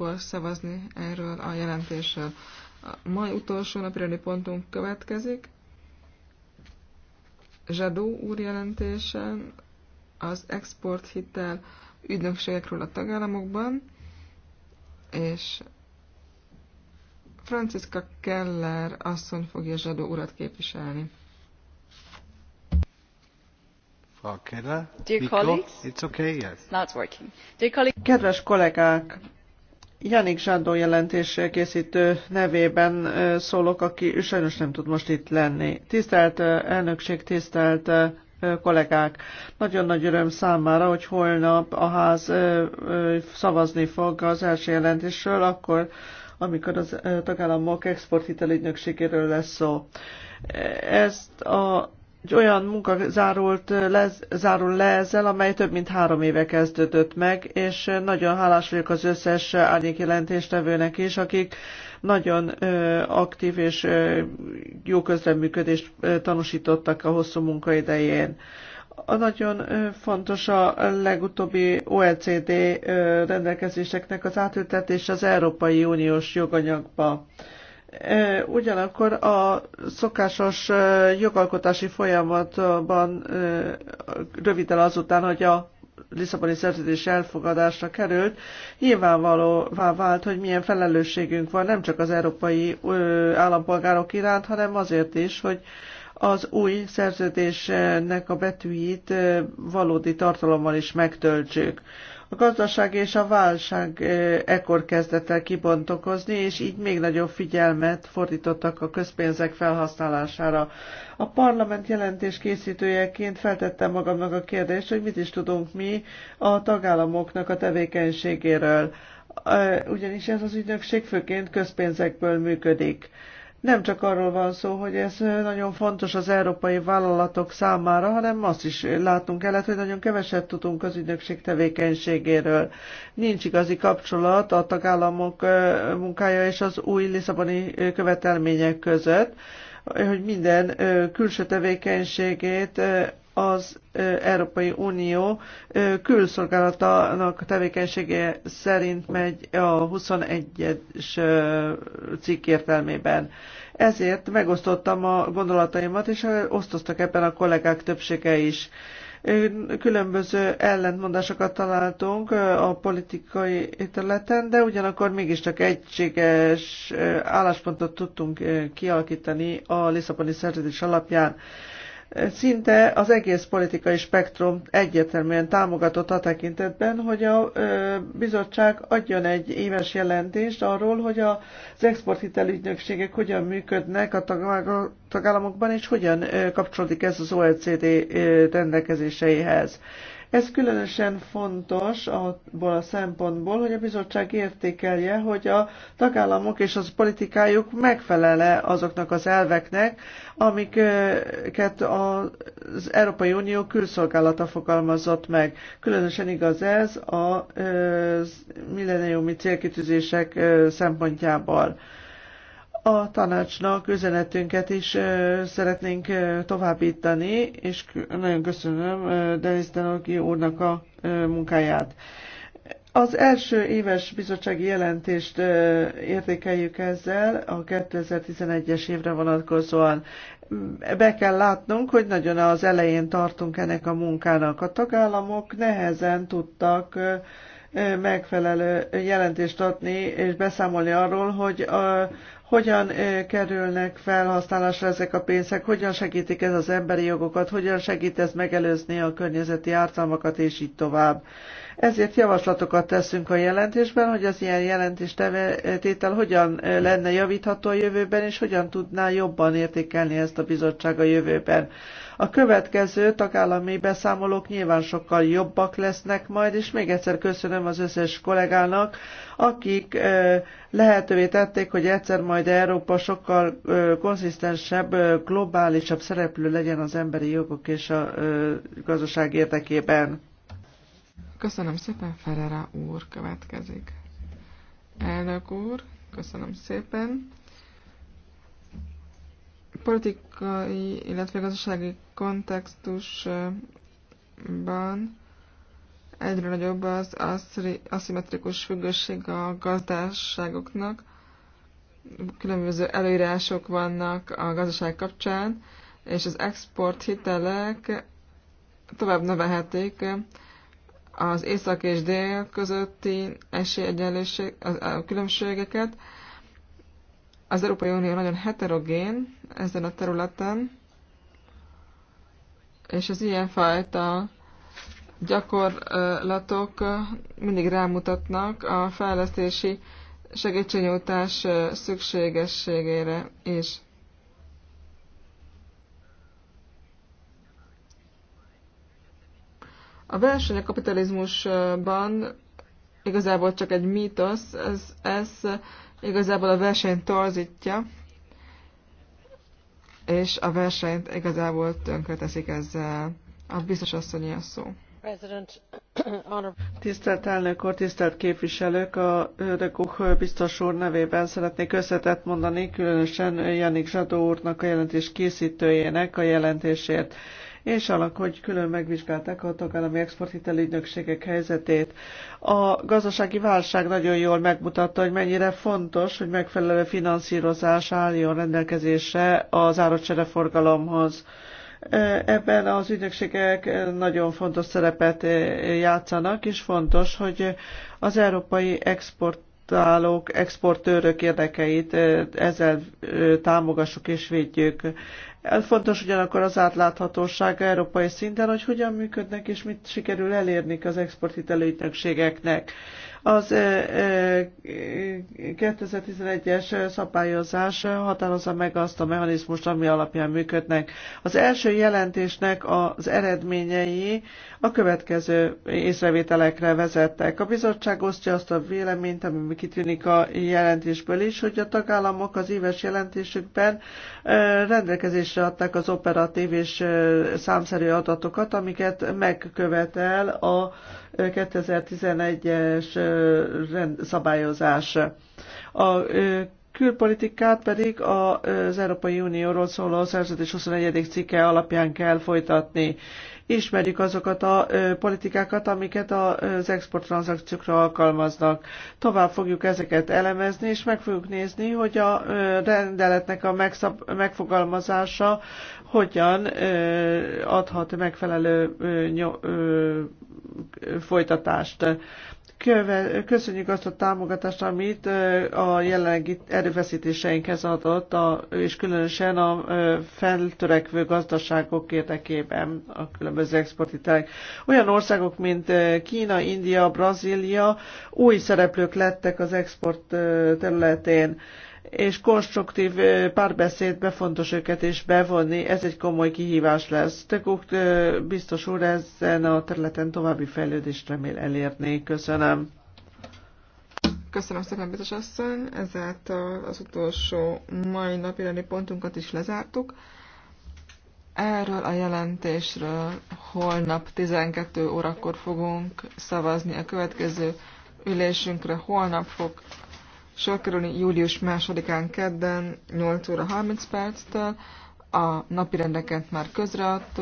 akkor szavazni erről a jelentésről. A mai utolsó napirani pontunk következik. Zsadó úr jelentésen az export hitel ügynökségekről a tagállamokban, és Franciska Keller asszony fogja Zsadó urat képviselni. Frau Dear colleagues, it's okay, yes. Now it's working. Dear colleagues, Kedves kollégák, Janik Zsandó jelentés készítő nevében szólok, aki sajnos nem tud most itt lenni. Tisztelt elnökség, tisztelt kollégák. Nagyon nagy öröm számára, hogy holnap a ház szavazni fog az első jelentésről, akkor, amikor az tagállamok exporthitelügynökségéről lesz szó. Ezt a egy olyan munka zárult le, zárul le ezzel, amely több mint három éve kezdődött meg, és nagyon hálás vagyok az összes árnyék jelentéstevőnek is, akik nagyon ö, aktív és ö, jó közreműködést ö, tanúsítottak a hosszú idején. A nagyon fontos a legutóbbi OECD rendelkezéseknek az átültetés az Európai Uniós joganyagba. Ugyanakkor a szokásos jogalkotási folyamatban röviddel azután, hogy a Lisszaboni szerződés elfogadásra került, nyilvánvalóvá vált, hogy milyen felelősségünk van nem csak az európai állampolgárok iránt, hanem azért is, hogy az új szerződésnek a betűit valódi tartalommal is megtöltsük. A gazdaság és a válság ekkor kezdett el kibontokozni, és így még nagyobb figyelmet fordítottak a közpénzek felhasználására. A parlament jelentés készítőjeként feltettem magamnak a kérdést, hogy mit is tudunk mi a tagállamoknak a tevékenységéről. Ugyanis ez az ügynökség főként közpénzekből működik nem csak arról van szó, hogy ez nagyon fontos az európai vállalatok számára, hanem azt is látunk el, hát, hogy nagyon keveset tudunk az ügynökség tevékenységéről. Nincs igazi kapcsolat a tagállamok munkája és az új Lisszaboni követelmények között, hogy minden külső tevékenységét az Európai Unió külszolgálatának tevékenysége szerint megy a 21-es cikk értelmében. Ezért megosztottam a gondolataimat, és osztoztak ebben a kollégák többsége is különböző ellentmondásokat találtunk a politikai területen, de ugyanakkor mégiscsak egységes álláspontot tudtunk kialakítani a Lisszaboni szerződés alapján. Szinte az egész politikai spektrum egyértelműen támogatott a tekintetben, hogy a bizottság adjon egy éves jelentést arról, hogy az exporthitelügynökségek hogyan működnek a tagállamokban, és hogyan kapcsolódik ez az OECD rendelkezéseihez. Ez különösen fontos abból a szempontból, hogy a bizottság értékelje, hogy a tagállamok és az politikájuk megfelele azoknak az elveknek, amiket az Európai Unió külszolgálata fogalmazott meg. Különösen igaz ez a milleniumi célkitűzések szempontjából a tanácsnak üzenetünket is szeretnénk továbbítani, és nagyon köszönöm Denis Denogi úrnak a munkáját. Az első éves bizottsági jelentést értékeljük ezzel a 2011-es évre vonatkozóan. Be kell látnunk, hogy nagyon az elején tartunk ennek a munkának. A tagállamok nehezen tudtak megfelelő jelentést adni és beszámolni arról, hogy hogyan kerülnek felhasználásra ezek a pénzek, hogyan segítik ez az emberi jogokat, hogyan segít ez megelőzni a környezeti ártalmakat, és így tovább. Ezért javaslatokat teszünk a jelentésben, hogy az ilyen jelentéstétel hogyan lenne javítható a jövőben, és hogyan tudná jobban értékelni ezt a bizottság a jövőben. A következő tagállami beszámolók nyilván sokkal jobbak lesznek majd, és még egyszer köszönöm az összes kollégának, akik lehetővé tették, hogy egyszer majd Európa sokkal konzisztensebb, globálisabb szereplő legyen az emberi jogok és a gazdaság érdekében. Köszönöm szépen, Ferrera úr következik. Elnök úr, köszönöm szépen. Politikai, illetve gazdasági kontextusban egyre nagyobb az aszimmetrikus függőség a gazdaságoknak. Különböző előírások vannak a gazdaság kapcsán, és az export hitelek tovább növelhetik az észak és dél közötti esélyegyenlőség, a, a különbségeket. Az Európai Unió nagyon heterogén ezen a területen, és az ilyenfajta gyakorlatok mindig rámutatnak a fejlesztési segítségnyújtás szükségességére is. A verseny a kapitalizmusban igazából csak egy mítosz, ez, ez igazából a versenyt torzítja, és a versenyt igazából tönkreteszik ezzel. A biztos asszony a szó. Tisztelt elnök úr, tisztelt képviselők! A Rökuch biztos úr nevében szeretnék összetett mondani, különösen Janik Zsadó úrnak a jelentés készítőjének a jelentésért és alak, hogy külön megvizsgálták a tagállami exporthitelügynökségek ügynökségek helyzetét. A gazdasági válság nagyon jól megmutatta, hogy mennyire fontos, hogy megfelelő finanszírozás álljon rendelkezésre az árucsereforgalomhoz. Ebben az ügynökségek nagyon fontos szerepet játszanak, és fontos, hogy az európai export exportálók, exportőrök érdekeit ezzel támogassuk és védjük. Fontos ugyanakkor az átláthatóság európai szinten, hogy hogyan működnek és mit sikerül elérni az exporthitelügynökségeknek. Az 2011-es szabályozás határozza meg azt a mechanizmust, ami alapján működnek. Az első jelentésnek az eredményei a következő észrevételekre vezettek. A bizottság osztja azt a véleményt, ami kitűnik a jelentésből is, hogy a tagállamok az éves jelentésükben rendelkezésre adták az operatív és számszerű adatokat, amiket megkövetel a 2011-es szabályozás. A külpolitikát pedig az Európai Unióról szóló szerződés 21. cikke alapján kell folytatni. Ismerjük azokat a politikákat, amiket az exporttranszakciókra alkalmaznak. Tovább fogjuk ezeket elemezni, és meg fogjuk nézni, hogy a rendeletnek a megszab- megfogalmazása hogyan adhat megfelelő folytatást köszönjük azt a támogatást, amit a jelenlegi erőfeszítéseinkhez adott, a, és különösen a feltörekvő gazdaságok érdekében a különböző exportitelek. Olyan országok, mint Kína, India, Brazília új szereplők lettek az export területén és konstruktív párbeszédbe fontos őket is bevonni, ez egy komoly kihívás lesz. Tökuk biztos úr ezen a területen további fejlődést remél elérni. Köszönöm. Köszönöm szépen, biztos asszony. Ezáltal az utolsó mai napi pontunkat is lezártuk. Erről a jelentésről holnap 12 órakor fogunk szavazni a következő ülésünkre. Holnap fog sor kerülni július 2-án kedden 8 óra 30 perctől. A napirendeket már közreadtuk.